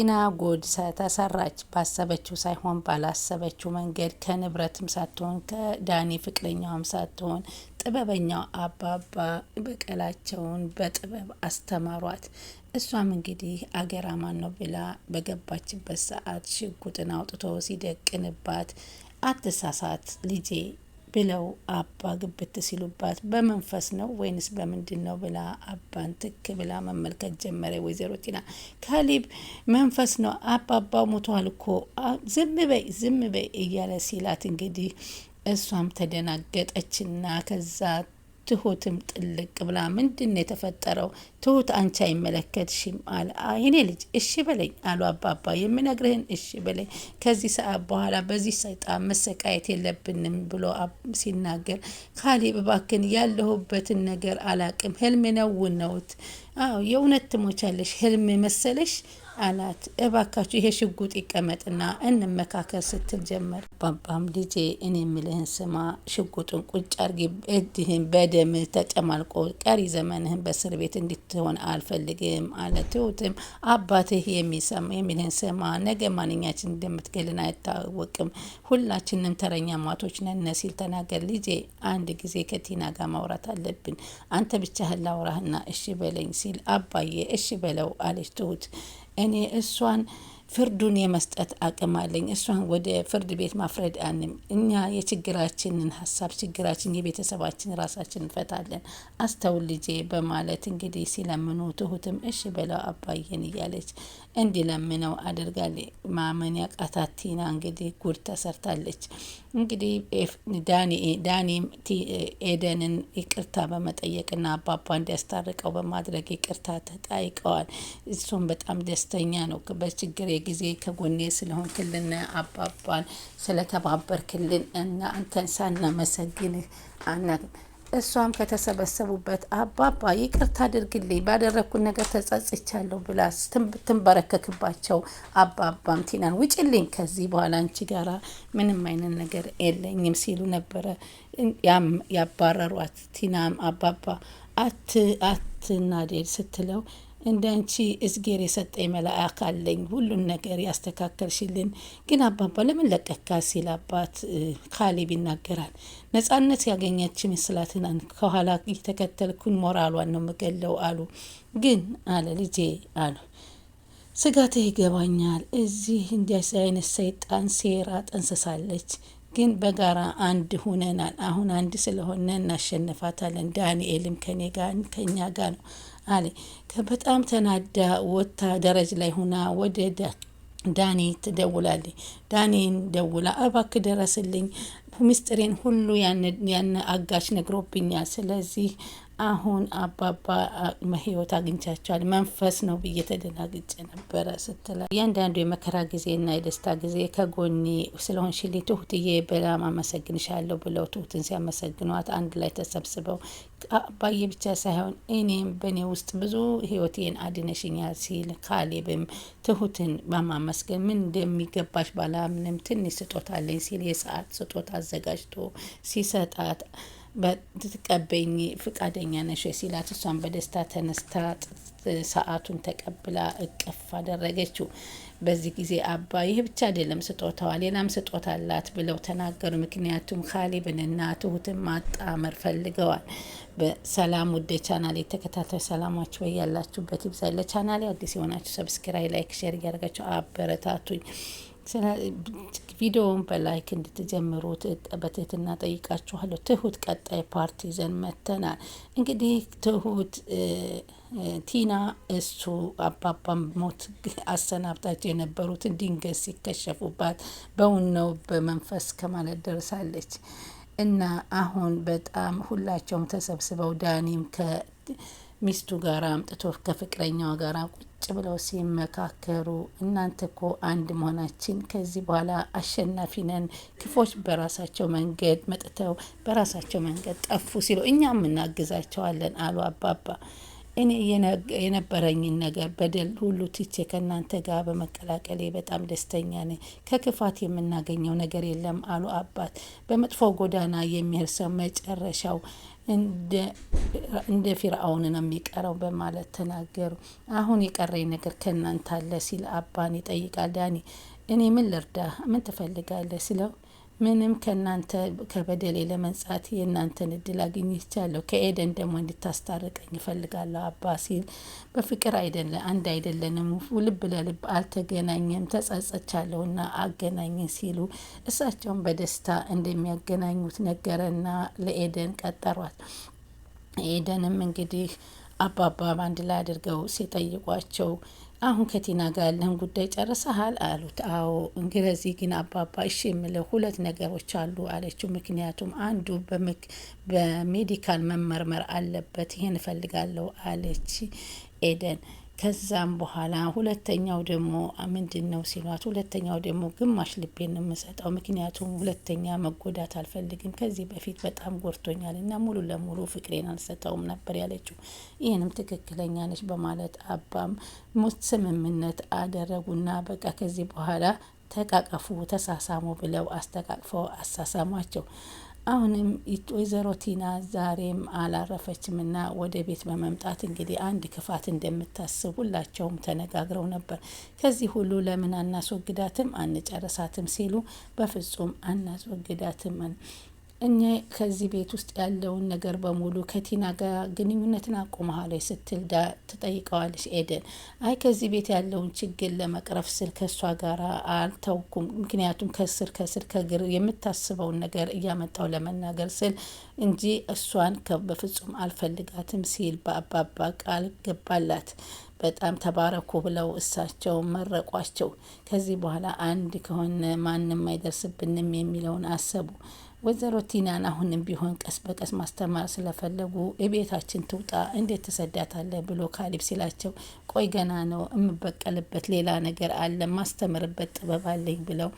ቲና ጉድ ተሰራች። ባሰበችው ሳይሆን ባላሰበችው መንገድ ከንብረትም ሳትሆን ከዳኒ ፍቅረኛዋም ሳትሆን ጥበበኛው አባባ በቀላቸውን በጥበብ አስተማሯት። እሷም እንግዲህ አገራማን ነው ብላ በገባችበት ሰዓት ሽጉጥን አውጥቶ ሲደቅንባት አትሳሳት ልጄ ብለው አባ ግብት ሲሉባት በመንፈስ ነው ወይንስ በምንድን ነው ብላ አባን ትክ ብላ መመልከት ጀመረ ወይዘሮ ቲና። ካሊብ መንፈስ ነው አባባ ሞቷል እኮ ዝም በይ ዝም በይ እያለ ሲላት እንግዲህ እሷም ተደናገጠችና ከዛ ትሁትም ጥልቅ ብላ ምንድን ነው የተፈጠረው? ትሁት አንቺ አይመለከትሽም አለ። ይኔ ልጅ እሺ በለኝ አሉ አባባ፣ የምነግርህን እሺ በለኝ ከዚህ ሰዓት በኋላ በዚህ ሰይጣን መሰቃየት የለብንም ብሎ ሲናገር፣ ካሌብ እባክን ያለሁበትን ነገር አላቅም። ህልም ነውነውት? አዎ የእውነት ትሞቻለሽ። ህልም መሰለሽ አላት። እባካችሁ ይሄ ሽጉጥ ይቀመጥና እንመካከል ስትል ጀመር። ባባም ልጄ እኔ የምልህን ስማ፣ ሽጉጡን ቁጭ አርጊ፣ እድህን በደም ተጨማልቆ ቀሪ ዘመንህን በእስር ቤት እንድትሆን አልፈልግም አለ። ትሁትም አባትህ የሚልህን ስማ፣ ነገ ማንኛችን እንደምትገልን አይታወቅም፣ ሁላችንም ተረኛ ማቶች ነነ ሲል ተናገር። ልጄ አንድ ጊዜ ከቲና ጋር ማውራት አለብን፣ አንተ ብቻህን ላውራህና እሺ በለኝ ሲል አባዬ እሺ በለው አለች ትሁት እኔ እሷን ፍርዱን የመስጠት አቅም አለኝ። እሷን ወደ ፍርድ ቤት ማፍረድ አንም እኛ የችግራችንን ሀሳብ ችግራችን የቤተሰባችን ራሳችን እንፈታለን። አስተውል ልጄ በማለት እንግዲህ ሲለምኑ ትሁትም እሺ በለው አባዬን እያለች እንዲለምነው አድርጋለች። ማመን ያቃታት ቲና እንግዲህ ጉድ ተሰርታለች። እንግዲህ ዳኒም ኤደንን ይቅርታ በመጠየቅና አባባ እንዲያስታርቀው በማድረግ ይቅርታ ተጠይቀዋል። እሱም በጣም ደስተኛ ነው በችግር ጊዜ ከጎኔ ስለሆንክልን አባባን ስለተባበርክልን እና አንተን ሳናመሰግንህ አና እሷም ከተሰበሰቡበት አባባ ይቅርታ አድርግልኝ ባደረግኩት ነገር ተጸጽቻለሁ ብላ ትንበረከክባቸው አባባም ቲናን ውጭልኝ ከዚህ በኋላ አንቺ ጋራ ምንም አይነት ነገር የለኝም ሲሉ ነበረ ያባረሯት። ቲናም አባባ አት አትናደድ ስትለው እንደ አንቺ እዝጌር የሰጠኝ መልአክ አለኝ ሁሉን ነገር ያስተካከልሽልን፣ ግን አባባ ለምን ለቀካ ሲል አባት ካሌብ ይናገራል። ነጻነት ያገኘች ምስላትናን ከኋላ እየተከተልኩን ሞራሏን ነው የምገለው አሉ። ግን አለ ልጄ አሉ ስጋትህ ይገባኛል። እዚህ እንዲያስ አይነት ሰይጣን ሴራ ጠንስሳለች። ግን በጋራ አንድ ሁነናል። አሁን አንድ ስለሆነ እናሸንፋታለን። ዳንኤልም ከኔ ጋር ከእኛ ጋር ነው። አለ። በጣም ተናዳ ወታ ደረጅ ላይ ሁና ወደ ዳኒ ትደውላለች። ዳኒን ደውላ እባክህ ደረስልኝ፣ ሚስጥሬን ሁሉ ያን አጋች ነግሮብኛል። ስለዚህ አሁን አባባ ህይወት አግኝቻቸዋል መንፈስ ነው ብዬ ተደናግጬ ነበረ ስትላ እያንዳንዱ የመከራ ጊዜና የደስታ ጊዜ ከጎኔ ስለሆንሽልኝ ትሁትዬ በላም አመሰግንሻለሁ ብለው ትሁትን ሲያመሰግኗት አንድ ላይ ተሰብስበው አባዬ ብቻ ሳይሆን እኔም በእኔ ውስጥ ብዙ ህይወቴን አድነሽኛል ሲል ካሌብም ትሁትን በማመስገን ምን እንደሚገባሽ ባላምንም ትንሽ ስጦታ አለኝ ሲል የሰዓት ስጦታ አዘጋጅቶ ሲሰጣት ትቀበኝ ፍቃደኛ ነሽ ሲላት እሷን በደስታ ተነስታ ሰዓቱን ተቀብላ እቅፍ አደረገችው። በዚህ ጊዜ አባ ይህ ብቻ አይደለም ስጦታዋ ሌላም ስጦታ አላት ብለው ተናገሩ። ምክንያቱም ካሌብንና ትሁትን ማጣመር ፈልገዋል። በሰላም ውድ ቻናል የተከታታይ ሰላማችሁ በያላችሁበት ይብዛ። ለቻናሌ አዲስ የሆናችሁ ሰብስክራይ፣ ላይክ፣ ሼር እያደረጋችሁ አበረታቱኝ። ቪዲዮውን በላይክ እንድትጀምሩ በትህትና ጠይቃችኋለሁ። ትሁት ቀጣይ ፓርቲ ይዘን መተናል። እንግዲህ ትሁት ቲና እሱ አባባን ሞት አሰናብታቸው የነበሩትን ድንገት ሲከሸፉባት በውን ነው በመንፈስ ከማለት ደርሳለች። እና አሁን በጣም ሁላቸውም ተሰብስበው ዳኒም ከሚስቱ ጋር አምጥቶ ከፍቅረኛዋ ጋር ቁጭ ብለው ሲመካከሩ እናንተ እኮ አንድ መሆናችን ከዚህ በኋላ አሸናፊ ነን፣ ክፎች በራሳቸው መንገድ መጥተው በራሳቸው መንገድ ጠፉ ሲሉ እኛም እናግዛቸዋለን አሉ አባባ። እኔ የነበረኝን ነገር በደል ሁሉ ትቼ ከእናንተ ጋር በመቀላቀሌ በጣም ደስተኛ ነኝ። ከክፋት የምናገኘው ነገር የለም አሉ አባት። በመጥፎ ጎዳና የሚሄድ ሰው መጨረሻው እንደ ፊርአውን ነው የሚቀረው በማለት ተናገሩ። አሁን የቀረኝ ነገር ከእናንተ አለ ሲል አባን ይጠይቃል። ዳኒ እኔ ምን ልርዳ፣ ምን ትፈልጋለህ? ስለው ምንም ከእናንተ ከበደሌ ለመንጻት የእናንተን እድል አግኝቻለሁ። ከኤደን ደግሞ እንድታስታርቀኝ ይፈልጋለሁ አባ ሲል በፍቅር አይደለ አንድ አይደለንም፣ ልብ ለልብ አልተገናኘም፣ ተጸጸቻለሁና አገናኝ ሲሉ እሳቸውን በደስታ እንደሚያገናኙት ነገረና ለኤደን ቀጠሯት። ኤደንም እንግዲህ አባባ አንድ ላይ አድርገው ሲጠይቋቸው አሁን ከቲና ጋር ያለህን ጉዳይ ጨርሰሃል አሉት። አዎ እንግዲህ ግን አባባ እሺ የምለው ሁለት ነገሮች አሉ አለችው። ምክንያቱም አንዱ በሜዲካል መመርመር አለበት፣ ይህን እፈልጋለሁ አለች ኤደን ከዛም በኋላ ሁለተኛው ደግሞ ምንድን ነው ሲሏት፣ ሁለተኛው ደግሞ ግማሽ ልቤን ነው የምሰጠው፣ ምክንያቱም ሁለተኛ መጎዳት አልፈልግም። ከዚህ በፊት በጣም ጎድቶኛል እና ሙሉ ለሙሉ ፍቅሬን አልሰጠውም ነበር ያለችው። ይህንም ትክክለኛ ነች በማለት አባም ሞት ስምምነት አደረጉና በቃ ከዚህ በኋላ ተቃቀፉ፣ ተሳሳሙ ብለው አስተቃቅፈው አሳሳሟቸው። አሁንም ወይዘሮ ቲና ዛሬም ና ወደ ቤት በመምጣት እንግዲህ አንድ ክፋት እንደምታስብ ሁላቸውም ተነጋግረው ነበር። ከዚህ ሁሉ ለምን አናስወግዳትም፣ አንጨርሳትም ሲሉ በፍጹም አናስወግዳትም እኛ ከዚህ ቤት ውስጥ ያለውን ነገር በሙሉ ከቲና ጋር ግንኙነትን አቁመሃለች ስትል ትጠይቀዋለች። ኤደን አይ ከዚህ ቤት ያለውን ችግር ለመቅረፍ ስል ከእሷ ጋር አልተውኩም፣ ምክንያቱም ከስር ከስር ከግር የምታስበውን ነገር እያመጣው ለመናገር ስል እንጂ እሷን በፍጹም አልፈልጋትም ሲል በአባባ ቃል ገባላት። በጣም ተባረኩ ብለው እሳቸው መረቋቸው። ከዚህ በኋላ አንድ ከሆነ ማንም አይደርስብንም የሚለውን አሰቡ። ወይዘሮ ቲናን አሁንም ቢሆን ቀስ በቀስ ማስተማር ስለፈለጉ የቤታችን ትውጣ እንዴት ትሰዳታለህ ብሎ ካሊብ ሲላቸው ቆይ ገና ነው የምበቀልበት ሌላ ነገር አለ ማስተምርበት ጥበብ አለኝ ብለው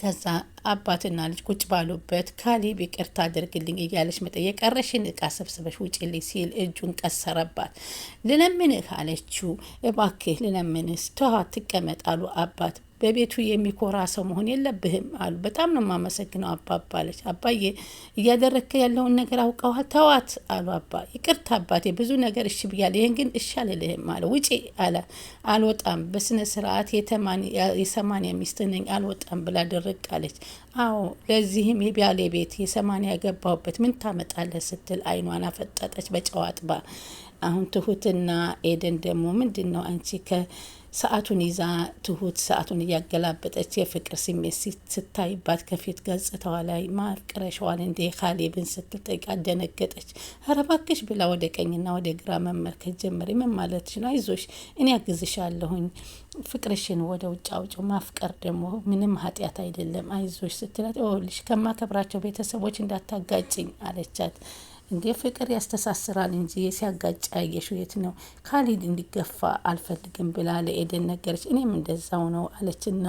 ከዛ አባትና ልጅ ቁጭ ባሉበት ካሊብ ይቅርታ አድርግልኝ እያለች መጠየቅ የቀረሽን እቃ ሰብስበሽ ውጭልኝ ሲል እጁን ቀሰረባት። ልለምንህ አለችው። እባክህ ልለምንህ ስትኋ ትቀመጣሉ አባት በቤቱ የሚኮራ ሰው መሆን የለብህም አሉ። በጣም ነው የማመሰግነው አባባ አለች። አባዬ እያደረግከ ያለውን ነገር አውቀዋል፣ ተዋት አሉ አባ። ይቅርታ አባቴ፣ ብዙ ነገር እሺ ብያለሁ፣ ይህን ግን እሺ አልልህም አለ። ውጪ አለ። አልወጣም፣ በስነ ስርዓት የሰማንያ ሚስት ነኝ፣ አልወጣም ብላ ድርቅ አለች። አዎ ለዚህም የቢያሌ ቤት የሰማንያ ገባሁበት ምን ታመጣለህ ስትል አይኗን አፈጠጠች በጨዋጥባ። አሁን ትሁትና ኤደን ደግሞ ምንድን ነው አንቺ ከ ሰዓቱን ይዛ ትሁት ሰዓቱን እያገላበጠች የፍቅር ስሜት ስታይባት ከፊት ገጽታዋ ላይ ማፍቅረሻዋን እንዴ ካሌብን ስትል ጠይቃት ደነገጠች። ኧረ እባክሽ ብላ ወደ ቀኝና ወደ ግራ መመልከት ጀመር። ምን ማለትሽ ነው? አይዞሽ እኔ አግዝሻለሁኝ። ፍቅርሽን ወደ ውጭ አውጪው። ማፍቀር ደግሞ ምንም ኃጢአት አይደለም። አይዞሽ ስትላት ይኸውልሽ ከማከብራቸው ቤተሰቦች እንዳታጋጭኝ አለቻት። እንዴ ፍቅር ያስተሳስራል እንጂ ሲያጋጭ ያየሹ የት ነው? ካሊድ እንዲገፋ አልፈልግም ብላ ለኤደን ነገረች። እኔም እንደዛው ነው አለችና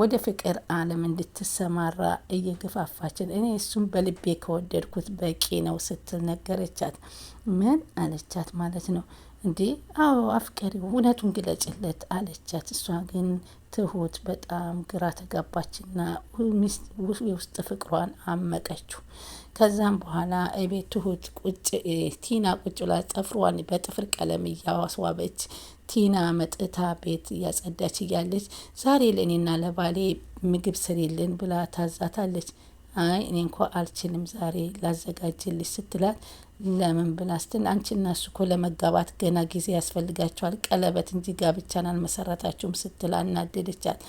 ወደ ፍቅር አለም እንድትሰማራ እየገፋፋችን እኔ እሱም በልቤ ከወደድኩት በቂ ነው ስትል ነገረቻት። ምን አለቻት ማለት ነው እንዴ? አዎ አፍቀሪ እውነቱን ግለጭለት አለቻት። እሷ ግን ትሁት በጣም ግራ ተጋባችና የውስጥ ፍቅሯን አመቀችው። ከዛም በኋላ እቤት ትሁት ቁጭ ቲና ቁጭ ብላ ጥፍሯን በጥፍር ቀለም እያዋስዋበች ቲና መጥታ ቤት እያጸዳች እያለች ዛሬ ለእኔና ለባሌ ምግብ ስሪልን ብላ ታዛታለች። አይ እኔ እንኳ አልችልም ዛሬ ላዘጋጅልሽ ስትላት ለምን ብላስትን አንቺ እና እሱ እኮ ለመጋባት ገና ጊዜ ያስፈልጋቸዋል፣ ቀለበት እንጂ ጋብቻን አልመሰረታችሁም ስትል አናደደቻት።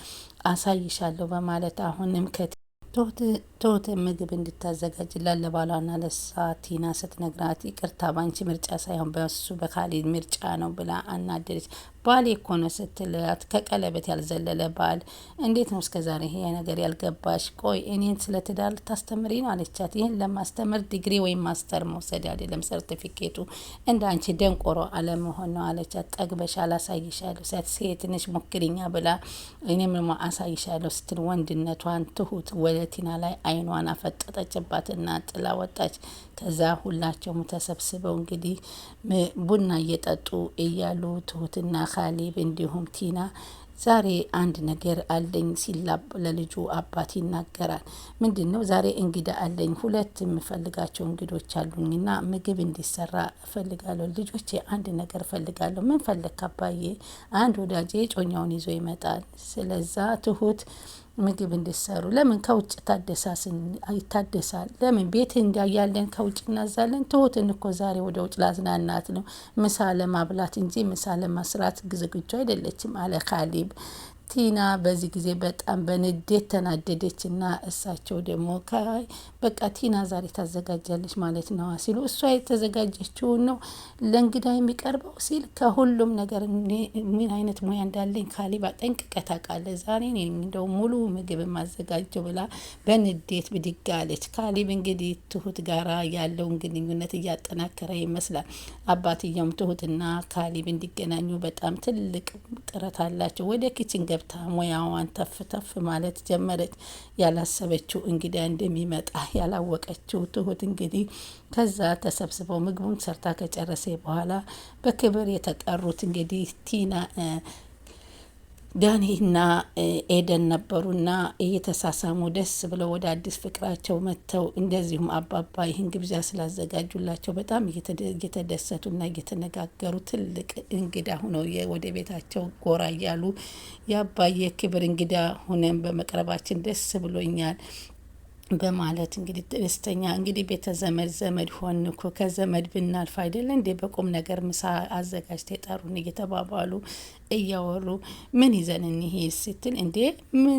አሳይሻለሁ በማለት አሁንም ከትቶት ትሁት ምግብ እንድታዘጋጅላት ለባሏና ለሳቲና ስትነግራት ይቅርታ ባንቺ ምርጫ ሳይሆን በሱ በካሊድ ምርጫ ነው ብላ አናደደች። ባሌ እኮ ነው ስትላት ከቀለበት ያልዘለለ ባል እንዴት ነው እስከዛሬ ይሄ ነገር ያልገባሽ? ቆይ እኔን ስለ ትዳር ልታስተምሪ ነው አለቻት። ይህን ለማስተምር ዲግሪ ወይም ማስተር መውሰድ አይደለም ሰርቲፊኬቱ፣ እንደ አንቺ ደንቆሮ አለመሆን ነው አለቻት። ጠግበሻል፣ አሳይሻለሁ ሳት ሴት ነሽ ሞክሪኛ ብላ እኔም አሳይሻለሁ ስትል ወንድነቷን ትሁት ወለቲና ላይ አይኗን አፈጠጠችባትና ጥላ ወጣች። ከዛ ሁላቸውም ተሰብስበው እንግዲህ ቡና እየጠጡ እያሉ ትሁትና ካሌብ እንዲሁም ቲና ዛሬ አንድ ነገር አለኝ ሲላብ ለልጁ አባት ይናገራል። ምንድን ነው ዛሬ እንግዳ አለኝ፣ ሁለት የምፈልጋቸው እንግዶች አሉኝና ምግብ እንዲሰራ እፈልጋለሁ። ልጆቼ አንድ ነገር እፈልጋለሁ። ምን ፈለግ ካባዬ? አንድ ወዳጄ ጮኛውን ይዞ ይመጣል። ስለዛ ትሁት ምግብ እንድሰሩ ለምን ከውጭ ይታደሳል። ለምን ቤት እንዳያለን ከውጭ እናዛለን። ትሁትን እኮ ዛሬ ወደ ውጭ ላዝናናት ነው ምሳ ለማብላት እንጂ ምሳ ለመስራት ዝግጁ አይደለችም አለ ቲና በዚህ ጊዜ በጣም በንዴት ተናደደች እና እሳቸው ደግሞ በቃ ቲና ዛሬ ታዘጋጃለች ማለት ነው ሲሉ እሷ የተዘጋጀችውን ነው ለእንግዳ የሚቀርበው ሲል ከሁሉም ነገር ምን አይነት ሙያ እንዳለኝ ካሊባ ጠንቅቀ ታውቃለህ፣ ዛሬ እንደው ሙሉ ምግብ ማዘጋጀው ብላ በንዴት ብድግ አለች። ካሊብ እንግዲህ ትሁት ጋራ ያለውን ግንኙነት እያጠናከረ ይመስላል። አባትየውም ትሁትና ካሊብ እንዲገናኙ በጣም ትልቅ ጥረት አላቸው። ወደ ኪችን ገብታ ሙያዋን ተፍ ተፍ ማለት ጀመረች። ያላሰበችው እንግዳ እንደሚመጣ ያላወቀችው ትሁት እንግዲህ ከዛ ተሰብስበው ምግቡን ሰርታ ከጨረሰ በኋላ በክብር የተጠሩት እንግዲህ ቲና ዳኒና ኤደን ነበሩና እየተሳሳሙ ደስ ብለው ወደ አዲስ ፍቅራቸው መጥተው እንደዚሁም አባባ ይህን ግብዣ ስላዘጋጁላቸው በጣም እየተደሰቱና እየተነጋገሩ ትልቅ እንግዳ ሁነው ወደ ቤታቸው ጎራ እያሉ የአባዬ ክብር እንግዳ ሁነን በመቅረባችን ደስ ብሎኛል። በማለት እንግዲህ ደስተኛ እንግዲህ ቤተ ዘመድ ዘመድ ሆን እኮ ከዘመድ ብናልፍ አይደለ እንዴ በቁም ነገር ምሳ አዘጋጅተ የጠሩን እየተባባሉ እያወሩ ምን ይዘን እንሄድ ስትል እንዴ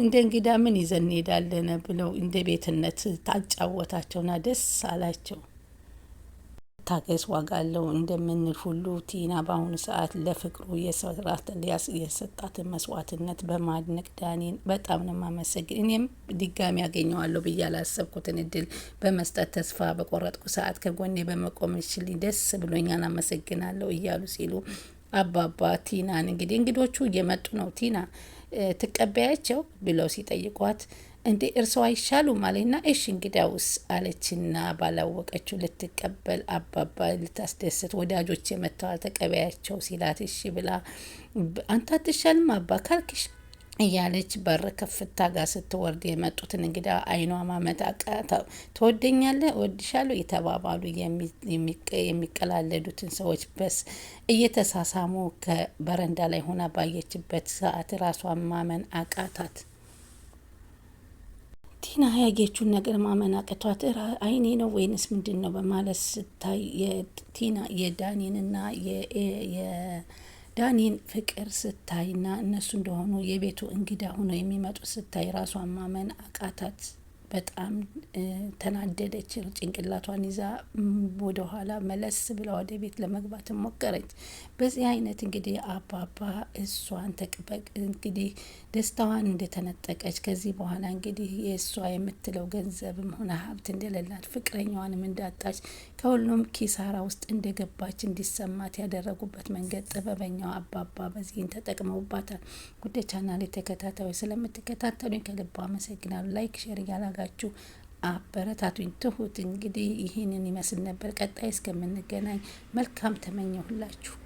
እንደ እንግዳ ምን ይዘን እንሄዳለን ብለው እንደ ቤትነት ታጫወታቸውና ደስ አላቸው። ታገስ ዋጋ አለው እንደምንል ሁሉ ቲና በአሁኑ ሰዓት ለፍቅሩ የሰጣትን መስዋዕትነት በማድነቅ ዳኒን በጣም ነው የማመሰግን። እኔም ድጋሚ ያገኘዋለሁ ብዬ ያላሰብኩትን እድል በመስጠት ተስፋ በቆረጥኩ ሰዓት ከጎኔ በመቆም ይችል ደስ ብሎኛል፣ አመሰግናለሁ እያሉ ሲሉ አባባ ቲናን እንግዲህ እንግዶቹ እየመጡ ነው ቲና ትቀበያቸው ብለው ሲጠይቋት እንዴ እርስዎ አይሻሉ አለና እሺ እንግዳውስ አለችና ባላወቀችው ልትቀበል አባባ ልታስደስት ወዳጆች የመተዋል ተቀበያቸው ሲላት እሺ ብላ አንተ አትሻልም አባ ካልክሽ እያለች በር ከፍታ ጋር ስትወርድ የመጡትን እንግዳ አይኗ ማመት አቃተው። ትወደኛለህ፣ እወድሻለሁ የተባባሉ የሚቀላለዱትን ሰዎች በስ እየተሳሳሙ ከበረንዳ ላይ ሆና ባየችበት ሰዓት ራሷን ማመን አቃታት። ቲና ያየችውን ነገር ማመን አቅቷት አይኔ ነው ወይንስ ምንድን ነው በማለት ስታይ ቲና የዳኒንና የዳኒን ፍቅር ስታይና እነሱ እንደሆኑ የቤቱ እንግዳ ሁኖ የሚመጡ ስታይ ራሷን ማመን አቃታት። በጣም ተናደደች። ጭንቅላቷን ይዛ ወደኋላ መለስ ብላ ወደ ቤት ለመግባት ሞከረች። በዚህ አይነት እንግዲህ አባባ እሷን ተቅበቅ እንግዲህ ደስታዋን እንደተነጠቀች ከዚህ በኋላ እንግዲህ የእሷ የምትለው ገንዘብም ሆነ ሀብት እንደሌላት ፍቅረኛዋንም እንዳጣች ከሁሉም ኪሳራ ውስጥ እንደገባች እንዲሰማት ያደረጉበት መንገድ ጥበበኛው አባባ በዚህን ተጠቅመውባታል። ጉዳይ ቻናል የተከታታዩ ስለምትከታተሉ ከልባ አመሰግናሉ። ላይክ፣ ሼር እያላጋችሁ አበረታቱኝ። ትሁት እንግዲህ ይህንን ይመስል ነበር። ቀጣይ እስከምንገናኝ መልካም ተመኘሁላችሁ።